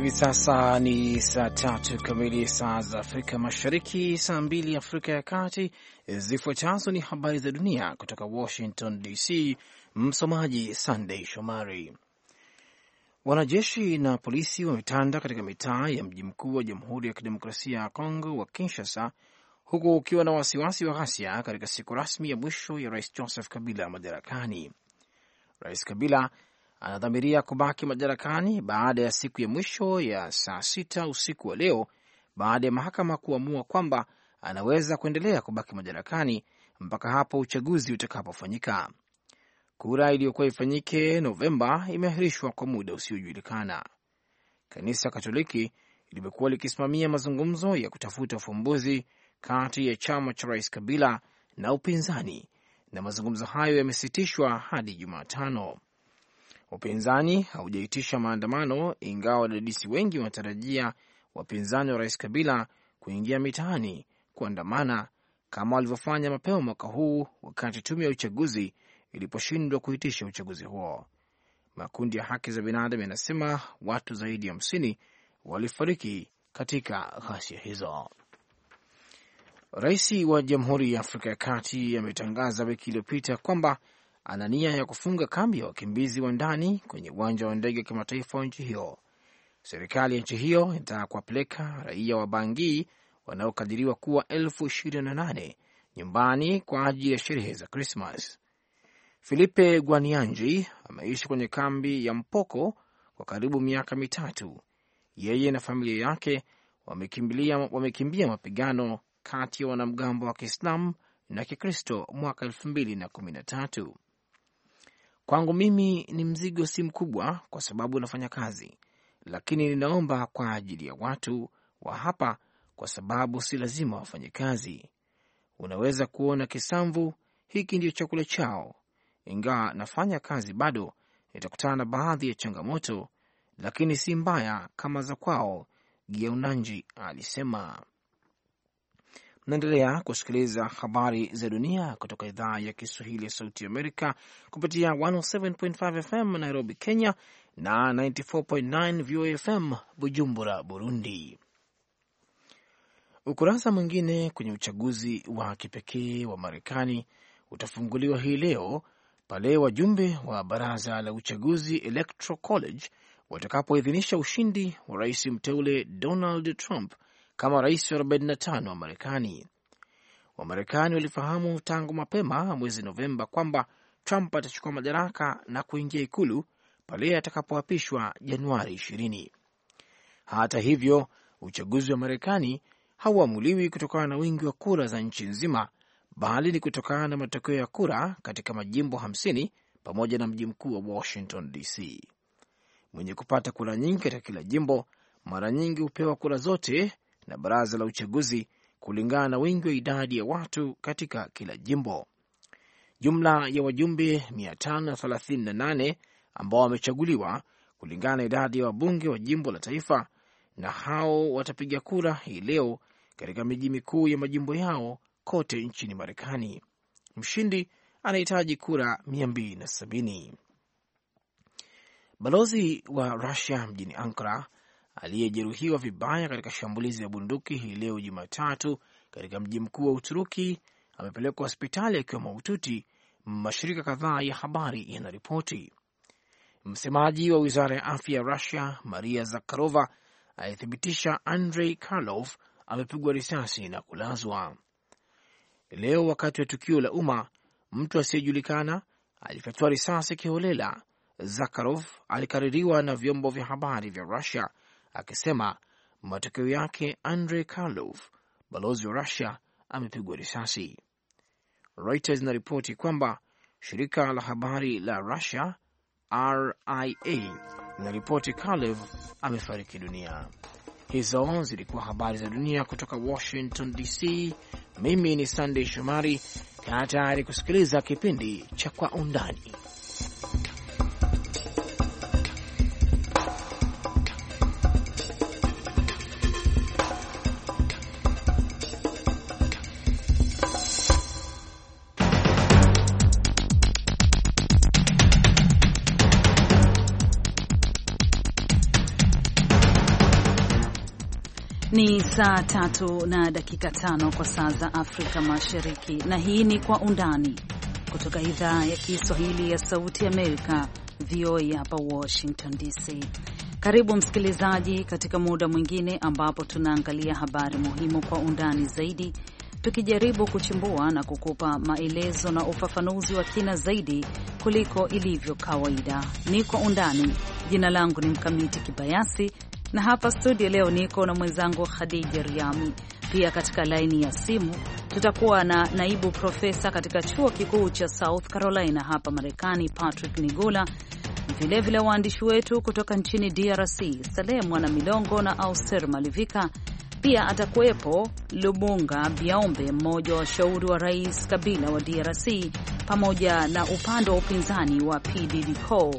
Hivi sasa ni saa tatu kamili saa za Afrika Mashariki, saa mbili Afrika ya Kati. Zifuatazo ni habari za dunia kutoka Washington DC. Msomaji sandey Shomari. Wanajeshi na polisi wametanda katika mitaa ya mji mkuu wa Jamhuri ya Kidemokrasia ya Kongo wa Kinshasa, huku ukiwa na wasiwasi wa ghasia katika siku rasmi ya mwisho ya Rais Joseph Kabila madarakani. Rais Kabila anadhamiria kubaki madarakani baada ya siku ya mwisho ya saa sita usiku wa leo baada ya mahakama kuamua kwamba anaweza kuendelea kubaki madarakani mpaka hapo uchaguzi utakapofanyika. Kura iliyokuwa ifanyike Novemba imeahirishwa kwa muda usiojulikana. Kanisa Katoliki limekuwa likisimamia mazungumzo ya kutafuta ufumbuzi kati ya chama cha rais Kabila na upinzani, na mazungumzo hayo yamesitishwa hadi Jumatano. Upinzani haujaitisha maandamano, ingawa wadadisi wengi wanatarajia wapinzani wa rais Kabila kuingia mitaani kuandamana kama walivyofanya mapema mwaka huu wakati tume ya uchaguzi iliposhindwa kuitisha uchaguzi huo. Makundi ya haki za binadamu yanasema watu zaidi ya hamsini walifariki katika ghasia hizo. Rais wa Jamhuri ya Afrika ya Kati ametangaza wiki iliyopita kwamba ana nia ya kufunga kambi ya wakimbizi wa ndani kwenye uwanja wa ndege wa kimataifa wa nchi hiyo. Serikali ya nchi hiyo inataka kuwapeleka raia wa bangi wanaokadiriwa kuwa elfu ishirini na nane nyumbani kwa ajili ya sherehe za Krismas. Filipe Guanianji ameishi kwenye kambi ya Mpoko kwa karibu miaka mitatu. Yeye na familia yake wamekimbia mapigano kati ya wanamgambo wa Kiislamu na Kikristo mwaka elfu mbili na kumi na tatu. Kwangu mimi ni mzigo si mkubwa, kwa sababu nafanya kazi, lakini ninaomba kwa ajili ya watu wa hapa, kwa sababu si lazima wafanye kazi. Unaweza kuona kisamvu, hiki ndiyo chakula chao. Ingawa nafanya kazi, bado nitakutana na baadhi ya changamoto, lakini si mbaya kama za kwao, Giaunanji alisema naendelea kusikiliza habari za dunia kutoka idhaa ya Kiswahili ya Sauti Amerika kupitia 107.5 FM Nairobi, Kenya na 94.9 VOFM FM Bujumbura, Burundi. Ukurasa mwingine kwenye uchaguzi wa kipekee wa Marekani utafunguliwa hii leo pale wajumbe wa baraza la uchaguzi Electoral College watakapoidhinisha ushindi wa rais mteule Donald Trump kama rais wa 45 wa Marekani. Wamarekani walifahamu tangu mapema mwezi Novemba kwamba Trump atachukua madaraka na kuingia ikulu pale atakapoapishwa Januari 20. Hata hivyo, uchaguzi wa Marekani hauamuliwi kutokana na wingi wa kura za nchi nzima, bali ni kutokana na matokeo ya kura katika majimbo 50 pamoja na mji mkuu wa Washington DC. Mwenye kupata kura nyingi katika kila jimbo mara nyingi hupewa kura zote na baraza la uchaguzi kulingana na wingi wa idadi ya watu katika kila jimbo. Jumla ya wajumbe 538 ambao wamechaguliwa kulingana na idadi ya wabunge wa jimbo la taifa, na hao watapiga kura hii leo katika miji mikuu ya majimbo yao kote nchini Marekani. Mshindi anahitaji kura 270. Balozi wa Rusia mjini Ankara aliyejeruhiwa vibaya katika shambulizi la bunduki hii leo Jumatatu katika mji mkuu wa Uturuki amepelekwa hospitali akiwa mahututi, mashirika kadhaa ya habari yanaripoti. Msemaji wa wizara ya afya ya Rusia, Maria Zakharova, alithibitisha Andrei Karlov amepigwa risasi na kulazwa leo. Wakati wa tukio la umma, mtu asiyejulikana alifyatua risasi kiholela. Zakharov alikaririwa na vyombo vya habari vya Rusia akisema matokeo yake Andrei Karlov, balozi wa Rusia, amepigwa risasi. Reuters inaripoti kwamba shirika la habari la Rusia RIA linaripoti Karlov amefariki dunia. Hizo zilikuwa habari za dunia kutoka Washington DC. Mimi ni Sandey Shomari. Kaa tayari kusikiliza kipindi cha Kwa Undani. Saa tatu na dakika tano kwa saa za Afrika Mashariki, na hii ni Kwa Undani kutoka idhaa ya Kiswahili ya Sauti Amerika, VOA hapa Washington DC. Karibu msikilizaji, katika muda mwingine ambapo tunaangalia habari muhimu kwa undani zaidi, tukijaribu kuchimbua na kukupa maelezo na ufafanuzi wa kina zaidi kuliko ilivyo kawaida. Ni Kwa Undani. Jina langu ni Mkamiti Kibayasi na hapa studio leo niko na mwenzangu Khadija Riami. Pia katika laini ya simu tutakuwa na naibu profesa katika chuo kikuu cha South Carolina hapa Marekani, Patrick Nigula, vilevile waandishi wetu kutoka nchini DRC Saleh Mwana Milongo na Auser Malivika. Pia atakuwepo Lubunga Biaombe, mmoja wa washauri wa Rais Kabila wa DRC, pamoja na upande wa upinzani wa PDDCO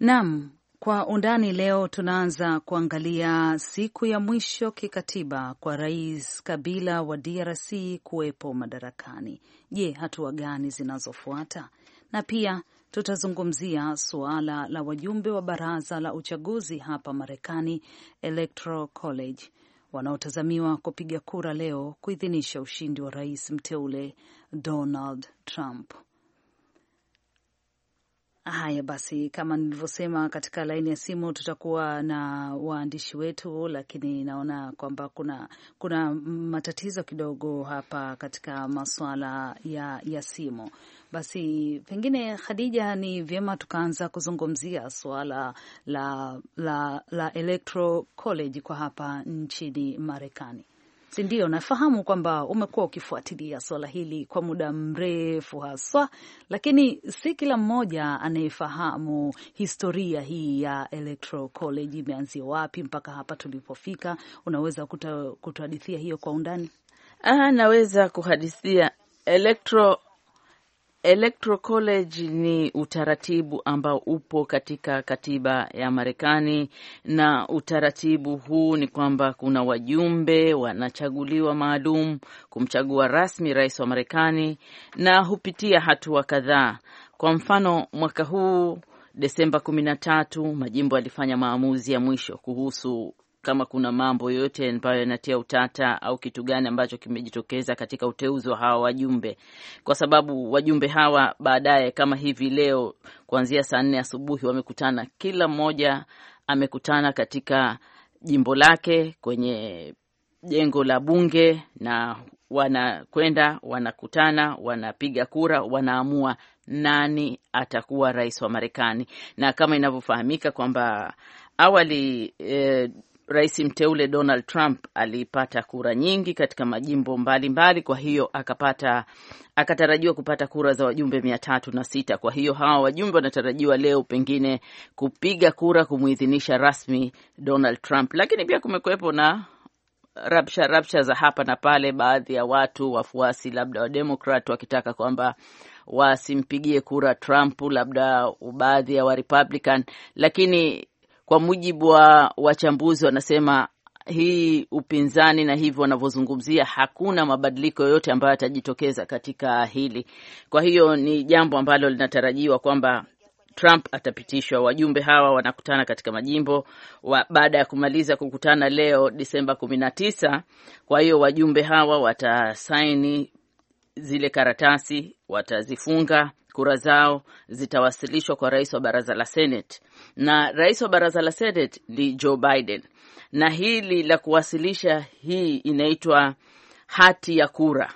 Naam, kwa undani leo tunaanza kuangalia siku ya mwisho kikatiba kwa Rais Kabila wa DRC kuwepo madarakani. Je, hatua gani zinazofuata? Na pia tutazungumzia suala la wajumbe wa baraza la uchaguzi hapa Marekani, Electoral College, wanaotazamiwa kupiga kura leo kuidhinisha ushindi wa rais mteule Donald Trump. Haya basi, kama nilivyosema katika laini ya simu tutakuwa na waandishi wetu, lakini naona kwamba kuna kuna matatizo kidogo hapa katika masuala ya, ya simu. Basi pengine Khadija, ni vyema tukaanza kuzungumzia suala la, la, la Electoral College kwa hapa nchini Marekani si ndio? Nafahamu kwamba umekuwa ukifuatilia swala hili kwa muda mrefu haswa, lakini si kila mmoja anayefahamu historia hii ya Electoral College, imeanzia wapi mpaka hapa tulipofika. Unaweza kutuhadithia hiyo kwa undani? Aha, naweza kuhadithia Electoral Electoral College ni utaratibu ambao upo katika katiba ya Marekani, na utaratibu huu ni kwamba kuna wajumbe wanachaguliwa maalum kumchagua rasmi rais wa Marekani, na hupitia hatua kadhaa. Kwa mfano, mwaka huu Desemba kumi na tatu majimbo yalifanya maamuzi ya mwisho kuhusu kama kuna mambo yoyote ambayo yanatia utata au kitu gani ambacho kimejitokeza katika uteuzi wa hawa wajumbe, kwa sababu wajumbe hawa baadaye, kama hivi leo, kuanzia saa nne asubuhi wamekutana, kila mmoja amekutana katika jimbo lake kwenye jengo la bunge, na wanakwenda wanakutana, wanapiga kura, wanaamua nani atakuwa rais wa Marekani, na kama inavyofahamika kwamba awali eh, rais mteule Donald Trump alipata kura nyingi katika majimbo mbalimbali mbali, kwa hiyo akapata akatarajiwa kupata kura za wajumbe mia tatu na sita. Kwa hiyo hawa wajumbe wanatarajiwa leo pengine kupiga kura kumuidhinisha rasmi Donald Trump, lakini pia kumekuwepo na rabsha rabsha za hapa na pale, baadhi ya watu wafuasi labda wa wakitaka kwamba wasimpigie kura Trump, labda baadhi ya wa Republican, lakini kwa mujibu wa wachambuzi wanasema hii upinzani na hivyo wanavyozungumzia, hakuna mabadiliko yoyote ambayo yatajitokeza katika hili. Kwa hiyo ni jambo ambalo linatarajiwa kwamba Trump atapitishwa. Wajumbe hawa wanakutana katika majimbo wa, baada ya kumaliza kukutana leo Disemba kumi na tisa. Kwa hiyo wajumbe hawa watasaini zile karatasi, watazifunga kura zao zitawasilishwa kwa rais wa baraza la Senate, na rais wa baraza la Senate ni Joe Biden, na hili la kuwasilisha hii inaitwa hati ya kura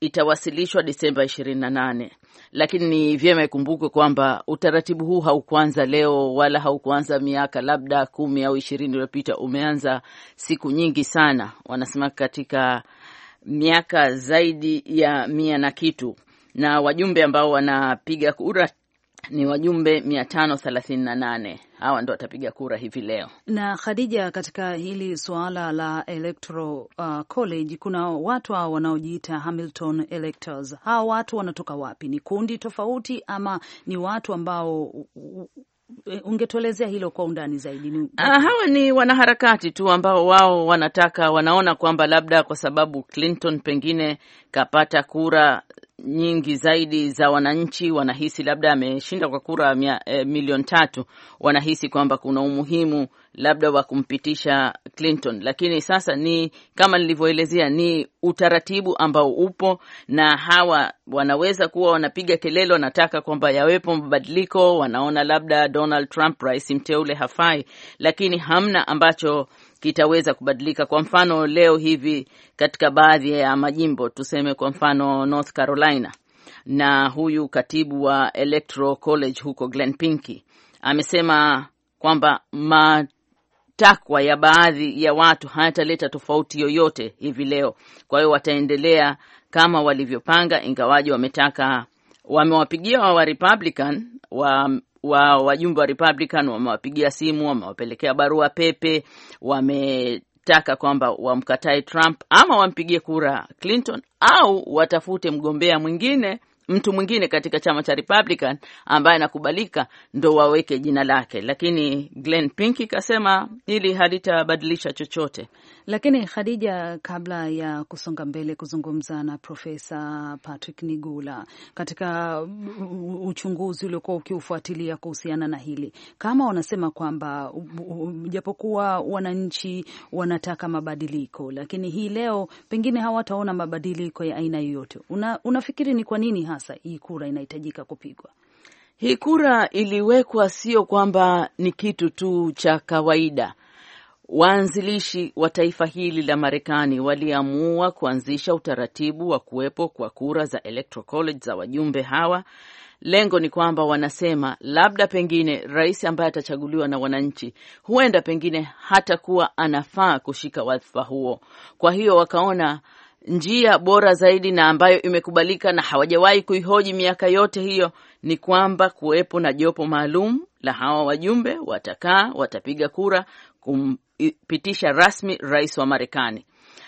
itawasilishwa Disemba 28, lakini ni vyema ikumbukwe kwamba utaratibu huu haukuanza leo wala haukuanza miaka labda kumi au ishirini iliyopita. Umeanza siku nyingi sana, wanasema katika miaka zaidi ya mia na kitu na wajumbe ambao wanapiga kura ni wajumbe 538 hawa ndo watapiga kura hivi leo. Na Khadija, katika hili suala la electoral uh, college kuna watu hao wanaojiita Hamilton electors. Hawa watu wanatoka wapi? Ni kundi tofauti ama ni watu ambao ungetuelezea hilo kwa undani zaidi? Ni... Ah, hawa ni wanaharakati tu ambao wao wanataka, wanaona kwamba labda kwa sababu Clinton pengine kapata kura nyingi zaidi za wananchi wanahisi labda ameshinda kwa kura mia, e, milioni tatu, wanahisi kwamba kuna umuhimu labda wa kumpitisha Clinton, lakini sasa ni kama nilivyoelezea, ni utaratibu ambao upo na hawa wanaweza kuwa wanapiga kelele, wanataka kwamba yawepo mabadiliko, wanaona labda Donald Trump rais mteule hafai, lakini hamna ambacho kitaweza kubadilika. Kwa mfano leo hivi katika baadhi ya majimbo tuseme, kwa mfano North Carolina, na huyu katibu wa Electoral College huko Glen Pinky amesema kwamba matakwa ya baadhi ya watu hayataleta tofauti yoyote hivi leo. Kwa hiyo wataendelea kama walivyopanga, ingawaji wametaka wamewapigia wa Republican wa wa wajumbe wa Republican wamewapigia simu, wamewapelekea barua pepe, wametaka kwamba wamkatae Trump ama wampigie kura Clinton au watafute mgombea mwingine mtu mwingine katika chama cha Republican ambaye anakubalika ndo waweke jina lake, lakini Glenn pink kasema hili halitabadilisha chochote. Lakini Khadija, kabla ya kusonga mbele kuzungumza na Profesa Patrick Nigula katika uchunguzi uliokuwa ukiufuatilia kuhusiana na hili, kama wanasema kwamba japokuwa wananchi wanataka mabadiliko, lakini hii leo pengine hawataona mabadiliko ya aina yoyote, unafikiri ni kwa nini? hasa hii kura inahitajika kupigwa? Hii kura iliwekwa sio kwamba ni kitu tu cha kawaida. Waanzilishi wa taifa hili la Marekani waliamua kuanzisha utaratibu wa kuwepo kwa kura za electoral college za wajumbe hawa. Lengo ni kwamba wanasema labda pengine rais ambaye atachaguliwa na wananchi huenda pengine hatakuwa anafaa kushika wadhifa huo. Kwa hiyo wakaona njia bora zaidi na ambayo imekubalika na hawajawahi kuihoji miaka yote hiyo ni kwamba kuwepo na jopo maalum la hawa wajumbe. Watakaa, watapiga kura kumpitisha rasmi rais wa Marekani.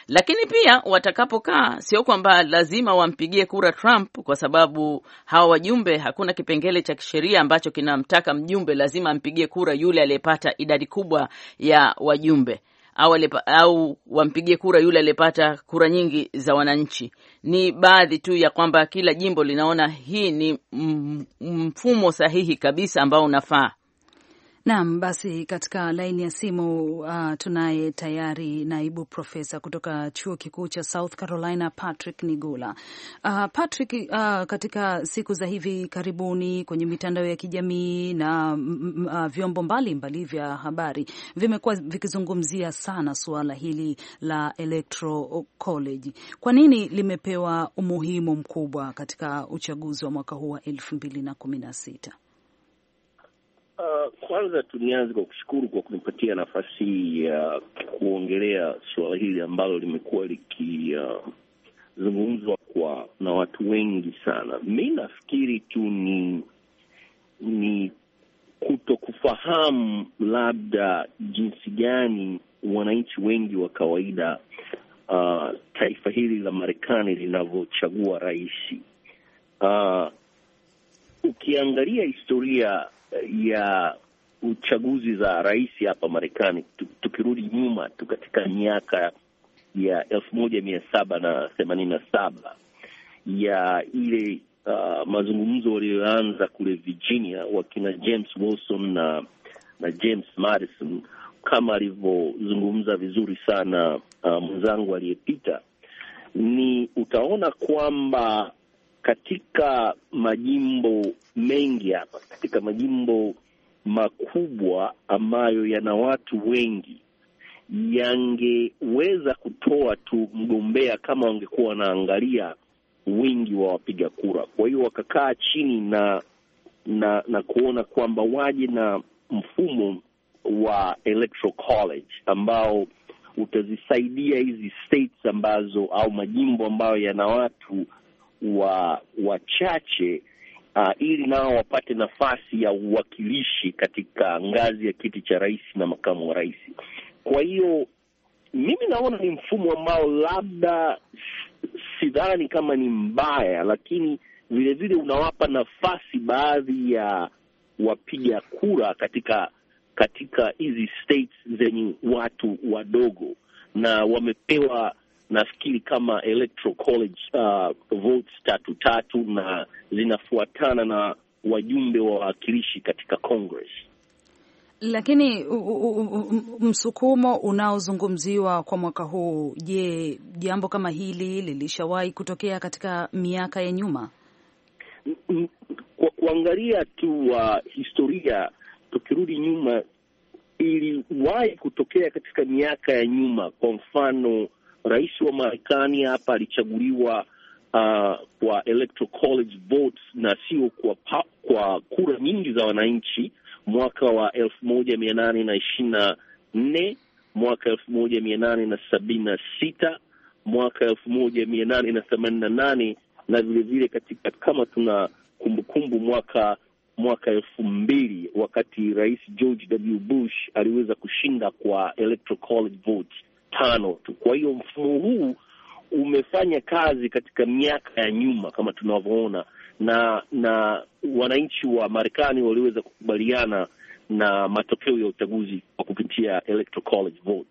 Lakini pia watakapokaa, sio kwamba lazima wampigie kura Trump, kwa sababu hawa wajumbe, hakuna kipengele cha kisheria ambacho kinamtaka mjumbe lazima ampigie kura yule aliyepata idadi kubwa ya wajumbe au, alipa, au wampigie kura yule aliyepata kura nyingi za wananchi. Ni baadhi tu ya kwamba kila jimbo linaona hii ni mfumo sahihi kabisa ambao unafaa. Naam, basi katika laini ya simu uh, tunaye tayari naibu profesa kutoka chuo kikuu cha South Carolina, Patrick Nigula. Uh, Patrick, uh, katika siku za hivi karibuni kwenye mitandao ya kijamii na mm, mm, uh, vyombo mbalimbali vya habari vimekuwa vikizungumzia sana suala hili la Electoral College. Kwa nini limepewa umuhimu mkubwa katika uchaguzi wa mwaka huu wa elfu mbili na kumi na sita? Uh, kwanza tunianze kwa kushukuru kwa kunipatia nafasi ya uh, kuongelea suala hili ambalo limekuwa likizungumzwa uh, kwa na watu wengi sana. Mi nafikiri tu ni ni kutokufahamu labda jinsi gani wananchi wengi wa kawaida uh, taifa hili la Marekani linavyochagua rais uh, ukiangalia historia Eh, ya uchaguzi za rais hapa Marekani, tukirudi nyuma tu katika miaka ya elfu moja mia saba na themanini na saba ya ile uh, mazungumzo waliyoanza kule Virginia wakina James Wilson na na James Madison, kama alivyozungumza vizuri sana uh, mwenzangu aliyepita, ni utaona kwamba katika majimbo mengi hapa, katika majimbo makubwa ambayo yana watu wengi, yangeweza kutoa tu mgombea kama wangekuwa wanaangalia wingi wa wapiga kura. Kwa hiyo wakakaa chini na na na kuona kwamba waje na mfumo wa electoral college ambao utazisaidia hizi states ambazo au majimbo ambayo yana watu wa wachache uh, ili nao wapate nafasi ya uwakilishi katika ngazi ya kiti cha rais na makamu wa rais. Kwa hiyo mimi naona ni mfumo ambao labda sidhani kama ni mbaya, lakini vilevile unawapa nafasi baadhi ya wapiga kura katika katika hizi states zenye watu wadogo, na wamepewa nafikiri kama electoral college uh, votes tatu tatu, na zinafuatana na wajumbe wa wawakilishi katika Congress. Lakini msukumo unaozungumziwa kwa mwaka huu, je, jambo kama hili lilishawahi kutokea katika miaka ya nyuma? Kwa kuangalia tu uh, historia tukirudi nyuma, iliwahi kutokea katika miaka ya nyuma. Kwa mfano rais wa Marekani hapa alichaguliwa uh, kwa electoral college votes na sio kwa, kwa kura nyingi za wananchi mwaka wa elfu moja mia nane na ishirini na nne mwaka elfu moja mia nane na sabini na sita mwaka elfu moja mia nane na themanini na nane na vilevile katika kama tuna kumbukumbu mwaka mwaka elfu mbili wakati rais George W Bush aliweza kushinda kwa electoral college tano tu. Kwa hiyo mfumo huu umefanya kazi katika miaka ya nyuma kama tunavyoona, na na wananchi wa Marekani waliweza kukubaliana na matokeo ya uchaguzi kwa kupitia electoral college vote.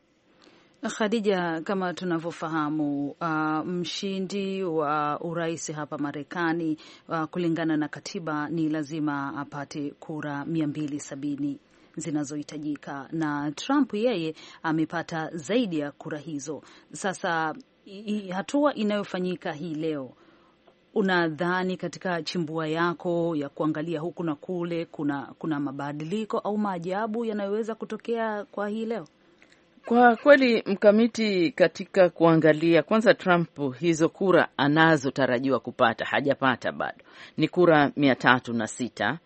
Khadija, kama tunavyofahamu, uh, mshindi wa urais hapa Marekani uh, kulingana na katiba ni lazima apate kura mia mbili sabini zinazohitajika, na Trump yeye amepata zaidi ya kura hizo. Sasa i, hatua inayofanyika hii leo unadhani katika chimbua yako ya kuangalia huku na kule, kuna kuna mabadiliko au maajabu yanayoweza kutokea kwa hii leo? Kwa kweli, mkamiti, katika kuangalia kwanza, Trump hizo kura anazotarajiwa kupata hajapata bado, ni kura mia tatu na sita,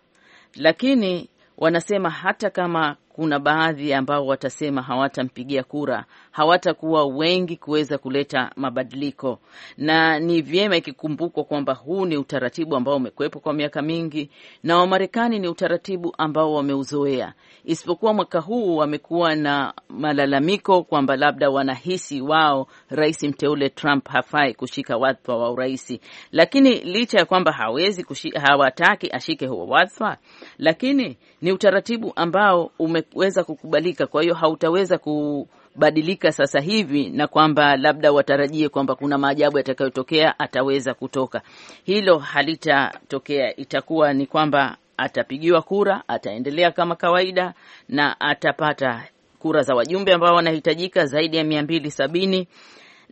lakini Wanasema hata kama kuna baadhi ambao watasema hawatampigia kura, hawatakuwa wengi kuweza kuleta mabadiliko. Na ni vyema ikikumbukwa kwamba huu ni utaratibu ambao umekuwepo kwa miaka mingi, na Wamarekani ni utaratibu ambao wameuzoea, isipokuwa mwaka huu wamekuwa na malalamiko kwamba labda wanahisi wao rais mteule Trump hafai kushika wadhifa wa uraisi. Lakini licha ya kwamba hawezi hawataki ashike huo wadhifa, lakini ni utaratibu ambao ume haujaweza kukubalika, kwa hiyo hautaweza kubadilika sasa hivi, na kwamba labda watarajie kwamba kuna maajabu yatakayotokea, ataweza kutoka. Hilo halitatokea, itakuwa ni kwamba atapigiwa kura, ataendelea kama kawaida na atapata kura za wajumbe ambao wanahitajika zaidi ya mia mbili sabini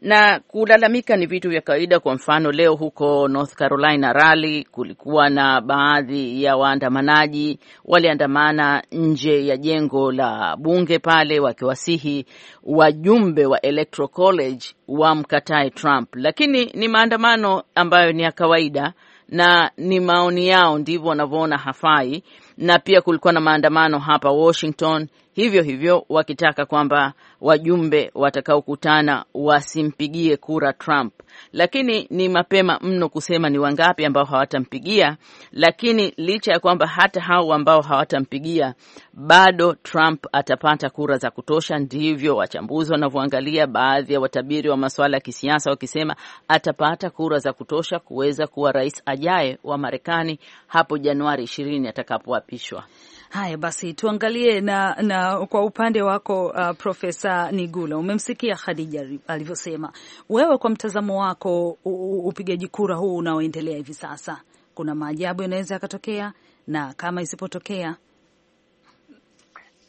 na kulalamika ni vitu vya kawaida. Kwa mfano, leo huko North Carolina, Raleigh, kulikuwa na baadhi ya waandamanaji waliandamana nje ya jengo la bunge pale wakiwasihi wajumbe wa Electoral College wamkatae Trump, lakini ni maandamano ambayo ni ya kawaida na ni maoni yao, ndivyo wanavyoona hafai. Na pia kulikuwa na maandamano hapa Washington hivyo hivyo wakitaka kwamba wajumbe watakaokutana wasimpigie kura Trump, lakini ni mapema mno kusema ni wangapi ambao hawatampigia. Lakini licha ya kwamba hata hao ambao hawatampigia bado Trump atapata kura za kutosha, ndivyo wachambuzi wanavyoangalia, baadhi ya watabiri wa masuala ya kisiasa wakisema atapata kura za kutosha kuweza kuwa rais ajaye wa Marekani hapo Januari ishirini atakapoapishwa. Haya basi, tuangalie na, na kwa upande wako uh, Profesa Nigula, umemsikia Khadija alivyosema. Wewe kwa mtazamo wako, upigaji kura huu unaoendelea hivi sasa, kuna maajabu yanaweza yakatokea, na kama isipotokea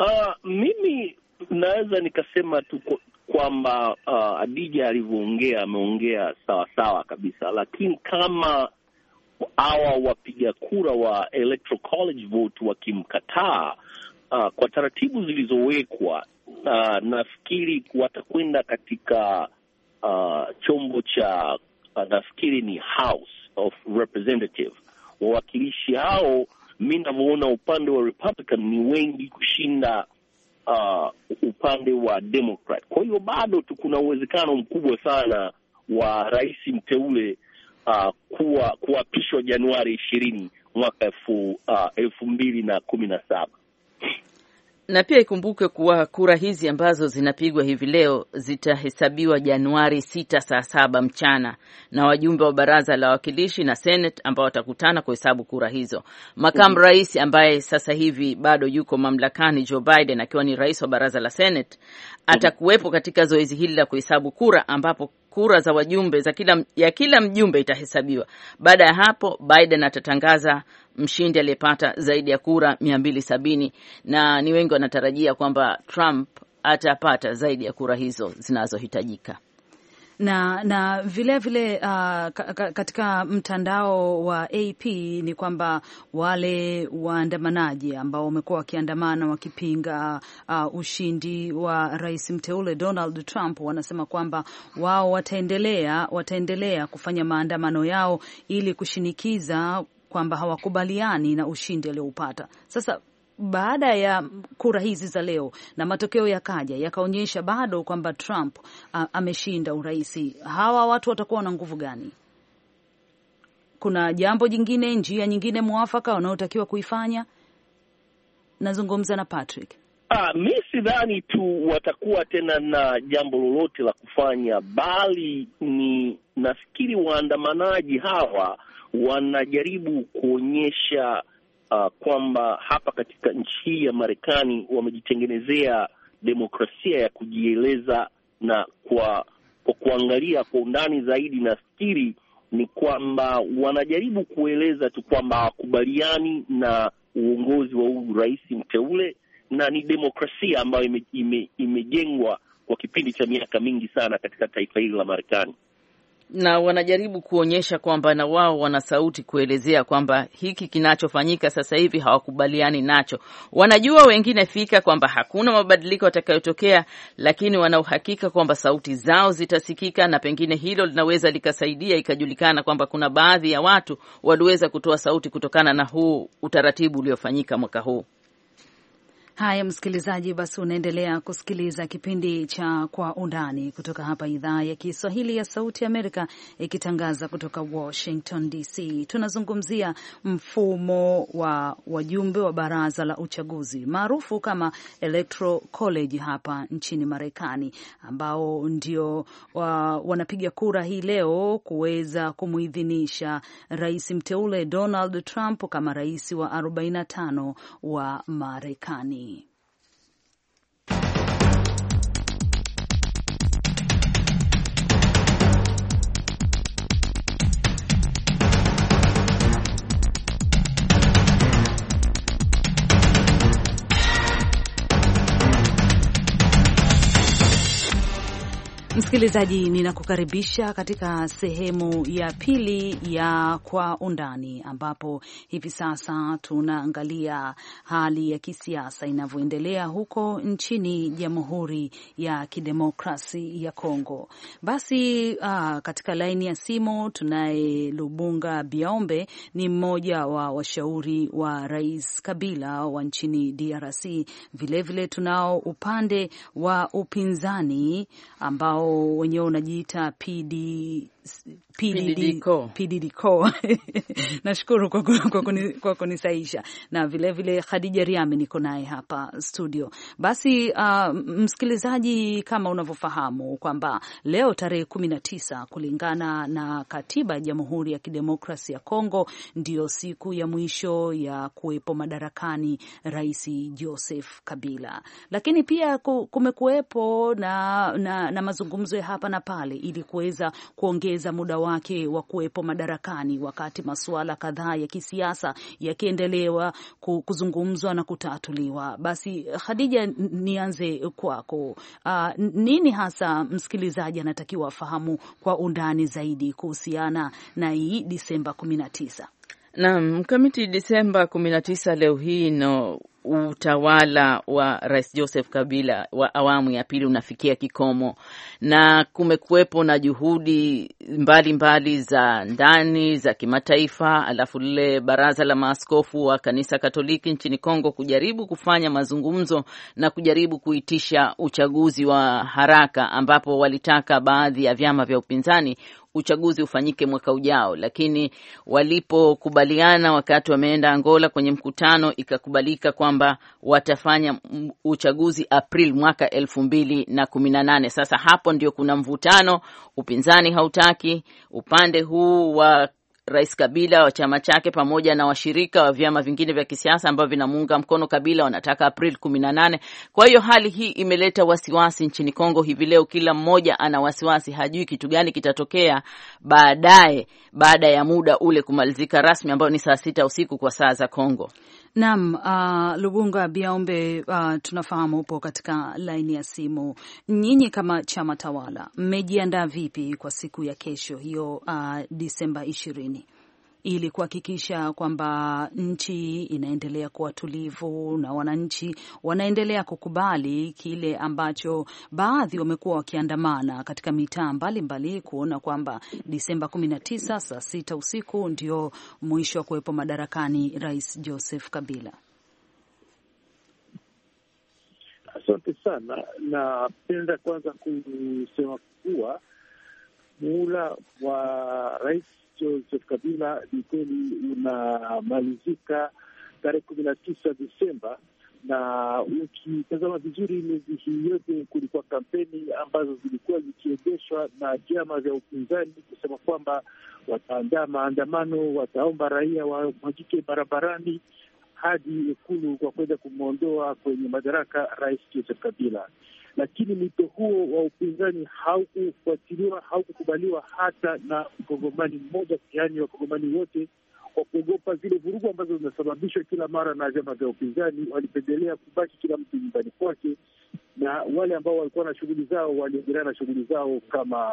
uh, mimi naweza nikasema tu kwamba uh, ah, Adija alivyoongea ameongea sawasawa kabisa, lakini kama hawa wapiga kura wa electoral college vote wakimkataa, uh, kwa taratibu zilizowekwa, uh, nafikiri watakwenda katika uh, chombo cha uh, nafikiri ni House of Representative. Wawakilishi hao mi navyoona upande wa Republican ni wengi kushinda uh, upande wa Democrat. Kwa hiyo bado tu kuna uwezekano mkubwa sana wa rais mteule uh, kuwa kuapishwa Januari ishirini mwaka elfu uh, mbili na kumi na saba na pia ikumbuke kuwa kura hizi ambazo zinapigwa hivi leo zitahesabiwa Januari sita saa saba mchana na wajumbe wa baraza la wawakilishi na Senate ambao watakutana kuhesabu kura hizo. Makamu mm rais ambaye sasa hivi bado yuko mamlakani, Joe Biden akiwa ni rais wa baraza la Senate, mhm. atakuwepo katika zoezi hili la kuhesabu kura, ambapo kura za wajumbe za kila, ya kila mjumbe itahesabiwa. Baada ya hapo, Biden atatangaza mshindi aliyepata zaidi ya kura 270 na ni wengi wanatarajia kwamba Trump atapata zaidi ya kura hizo zinazohitajika na na vile vile uh, katika mtandao wa AP ni kwamba wale waandamanaji ambao wamekuwa wakiandamana wakipinga uh, ushindi wa rais mteule Donald Trump wanasema kwamba wao wataendelea wataendelea kufanya maandamano yao ili kushinikiza kwamba hawakubaliani na ushindi alioupata. Sasa baada ya kura hizi za leo na matokeo yakaja yakaonyesha bado kwamba Trump ameshinda urais, hawa watu watakuwa na nguvu gani? Kuna jambo jingine, njia nyingine mwafaka wanaotakiwa kuifanya? Nazungumza na Patrick. Ah, mi sidhani tu watakuwa tena na jambo lolote la kufanya, bali ni nafikiri waandamanaji hawa wanajaribu kuonyesha uh, kwamba hapa katika nchi hii ya Marekani wamejitengenezea demokrasia ya kujieleza, na kwa kwa kuangalia kwa undani zaidi, nafikiri ni kwamba wanajaribu kueleza tu kwamba hawakubaliani na uongozi wa huu rais mteule, na ni demokrasia ambayo imejengwa ime, ime kwa kipindi cha miaka mingi sana katika taifa hili la Marekani na wanajaribu kuonyesha kwamba na wao wana sauti kuelezea kwamba hiki kinachofanyika sasa hivi hawakubaliani nacho. Wanajua wengine fika kwamba hakuna mabadiliko yatakayotokea, lakini wanauhakika kwamba sauti zao zitasikika, na pengine hilo linaweza likasaidia ikajulikana kwamba kuna baadhi ya watu waliweza kutoa sauti kutokana na huu utaratibu uliofanyika mwaka huu. Haya, msikilizaji, basi unaendelea kusikiliza kipindi cha Kwa Undani kutoka hapa idhaa ya Kiswahili ya Sauti Amerika ikitangaza kutoka Washington DC. Tunazungumzia mfumo wa wajumbe wa baraza la uchaguzi maarufu kama Electoral College hapa nchini Marekani, ambao ndio wa, wanapiga kura hii leo kuweza kumuidhinisha rais mteule Donald Trump kama rais wa 45 wa Marekani. Msikilizaji, ninakukaribisha katika sehemu ya pili ya Kwa Undani, ambapo hivi sasa tunaangalia hali ya kisiasa inavyoendelea huko nchini Jamhuri ya Kidemokrasi ya Kongo. Basi aa, ah, katika laini ya simu tunaye Lubunga biombe ni mmoja wa washauri wa Rais Kabila wa nchini DRC. Vilevile tunao upande wa upinzani ambao wenyewe unajiita PD PDD, PDDCO. Nashukuru kwa kunisaisha na vilevile vile Khadija Riami niko naye hapa studio. Basi uh, msikilizaji, kama unavyofahamu kwamba leo tarehe kumi na tisa kulingana na katiba ya Jamhuri ya Kidemokrasi ya Kongo ndiyo siku ya mwisho ya kuwepo madarakani Rais Joseph Kabila, lakini pia kumekuwepo na, na, na mazungumzo ya hapa na pale ili kuweza kuongeza kuongeza muda wake wa kuwepo madarakani, wakati masuala kadhaa ya kisiasa yakiendelewa kuzungumzwa na kutatuliwa. Basi Khadija, nianze kwako. Uh, nini hasa msikilizaji anatakiwa afahamu kwa undani zaidi kuhusiana na hii Disemba kumi na tisa? Naam, mkamiti Disemba 19 leo hii no utawala wa Rais Joseph Kabila wa awamu ya pili unafikia kikomo, na kumekuwepo na juhudi mbalimbali mbali za ndani za kimataifa, alafu lile baraza la maaskofu wa kanisa Katoliki nchini Kongo kujaribu kufanya mazungumzo na kujaribu kuitisha uchaguzi wa haraka, ambapo walitaka baadhi ya vyama vya upinzani uchaguzi ufanyike mwaka ujao, lakini walipokubaliana wakati wameenda Angola kwenye mkutano, ikakubalika kwamba watafanya uchaguzi April mwaka elfu mbili na kumi na nane. Sasa hapo ndio kuna mvutano, upinzani hautaki, upande huu wa Rais Kabila wa chama chake pamoja na washirika wa vyama vingine vya kisiasa ambavyo vinamuunga mkono Kabila wanataka Aprili 18 Kwa hiyo hali hii imeleta wasiwasi nchini Kongo hivi leo, kila mmoja ana wasiwasi, hajui kitu gani kitatokea baadaye, baada ya muda ule kumalizika rasmi, ambayo ni saa sita usiku kwa saa za Kongo. Naam, uh, ah, Lugunga Biaombe, uh, ah, tunafahamu upo katika laini ya simu. Nyinyi kama chama tawala mmejiandaa vipi kwa siku ya kesho hiyo, uh, Disemba ishirini? ili kuhakikisha kwamba nchi inaendelea kuwa tulivu na wananchi wanaendelea kukubali kile ambacho baadhi wamekuwa wakiandamana katika mitaa mbalimbali kuona kwamba Disemba 19 saa sita usiku ndio mwisho wa kuwepo madarakani Rais Joseph Kabila. Asante sana. Napenda kwanza kusema kuwa muhula wa rais Joseph Kabila ni kweli unamalizika tarehe kumi na tisa Desemba na ukitazama vizuri, miezi hii yote kulikuwa kampeni ambazo zilikuwa zikiendeshwa na vyama vya upinzani kusema kwamba wataandaa maandamano, wataomba raia wamwajike barabarani hadi Ikulu kwa kuweza kumwondoa kwenye madaraka Rais Joseph Kabila lakini mwito huo wa upinzani haukufuatiliwa, haukukubaliwa hata na mkongomani mmoja, yaani wakongomani wote kwa kuogopa zile vurugu ambazo zinasababishwa kila mara na vyama vya upinzani, walipendelea kubaki kila mtu nyumbani kwake, na wale ambao walikuwa na shughuli zao waliendelea na shughuli zao kama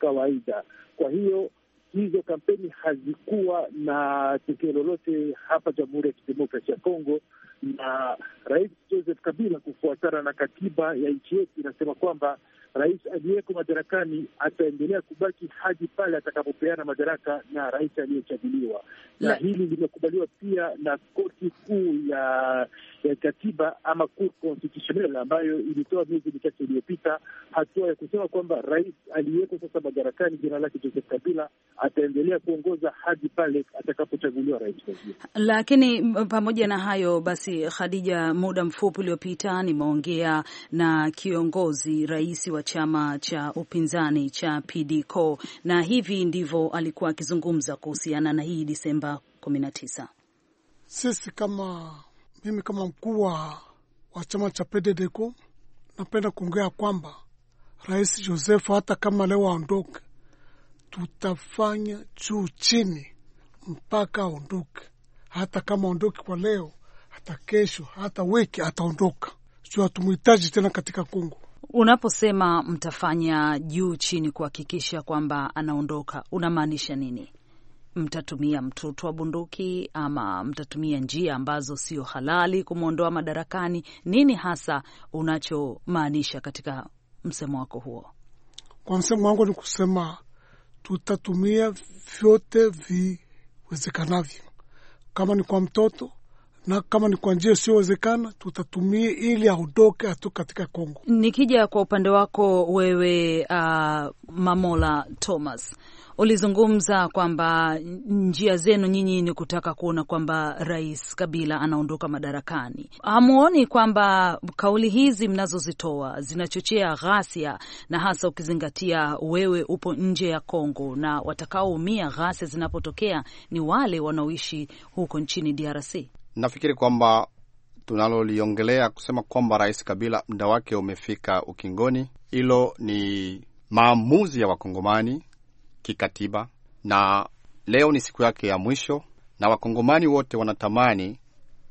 kawaida. Kwa hiyo hizo kampeni hazikuwa na tokeo lolote hapa Jamhuri ya Kidemokrasia ya Kongo. Na Rais Joseph Kabila kufuatana na katiba ya nchi yetu inasema kwamba rais aliyeko madarakani ataendelea kubaki hadi pale atakapopeana madaraka na rais aliyechaguliwa, na hili limekubaliwa pia na koti kuu ya, ya katiba ama Cour ambayo ilitoa miezi michache iliyopita hatua ya kusema kwamba rais aliyeko sasa madarakani jina lake Joseph Kabila ataendelea kuongoza hadi pale atakapochaguliwa rais. Lakini pamoja na hayo basi, Khadija, muda mfupi uliopita nimeongea na kiongozi rais wa chama cha upinzani cha PDCO, na hivi ndivyo alikuwa akizungumza kuhusiana na hii Disemba 19. Sisi kama mimi kama mkuu wa chama cha PDDCO napenda kuongea kwamba Rais Joseph hata kama leo aondoke, tutafanya juu chini mpaka aondoke. Hata kama aondoke kwa leo, hata kesho, hata wiki, ataondoka juu hatumuhitaji tena katika Kongo. Unaposema mtafanya juu chini kuhakikisha kwamba anaondoka, unamaanisha nini? Mtatumia mtutu wa bunduki ama mtatumia njia ambazo sio halali kumwondoa madarakani? Nini hasa unachomaanisha katika msemo wako huo? Kwa msemo wangu ni kusema tutatumia vyote viwezekanavyo, kama ni kwa mtoto na kama ni kwa njia isiyowezekana tutatumia ili aondoke atoke katika Kongo. Nikija kwa upande wako wewe, uh, Mamola Thomas, ulizungumza kwamba njia zenu nyinyi ni kutaka kuona kwamba Rais Kabila anaondoka madarakani. Hamuoni kwamba kauli hizi mnazozitoa zinachochea ghasia, na hasa ukizingatia wewe upo nje ya Kongo, na watakaoumia ghasia zinapotokea ni wale wanaoishi huko nchini DRC? nafikiri kwamba tunaloliongelea kusema kwamba Rais Kabila muda wake umefika ukingoni, hilo ni maamuzi ya Wakongomani kikatiba, na leo ni siku yake ya mwisho, na Wakongomani wote wanatamani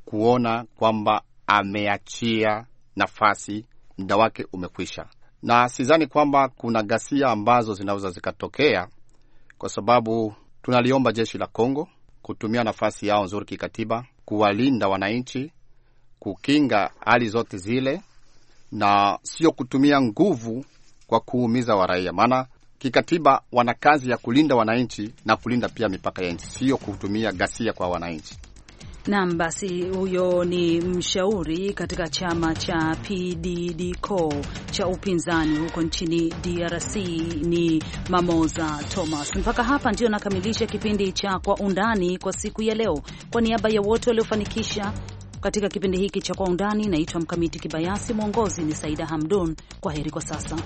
kuona kwamba ameachia nafasi, muda wake umekwisha, na sidhani kwamba kuna ghasia ambazo zinaweza zikatokea, kwa sababu tunaliomba jeshi la congo kutumia nafasi yao nzuri kikatiba, kuwalinda wananchi, kukinga hali zote zile, na sio kutumia nguvu kwa kuumiza waraia. Maana kikatiba wana kazi ya kulinda wananchi na kulinda pia mipaka ya nchi, sio kutumia ghasia kwa wananchi. Naam, basi huyo ni mshauri katika chama cha PDDCO cha upinzani huko nchini DRC ni Mamoza Thomas. Mpaka hapa ndio nakamilisha kipindi cha Kwa Undani kwa siku ya leo. Kwa niaba ya wote waliofanikisha katika kipindi hiki cha Kwa Undani, naitwa Mkamiti Kibayasi, mwongozi ni Saida Hamdun. Kwa heri kwa sasa.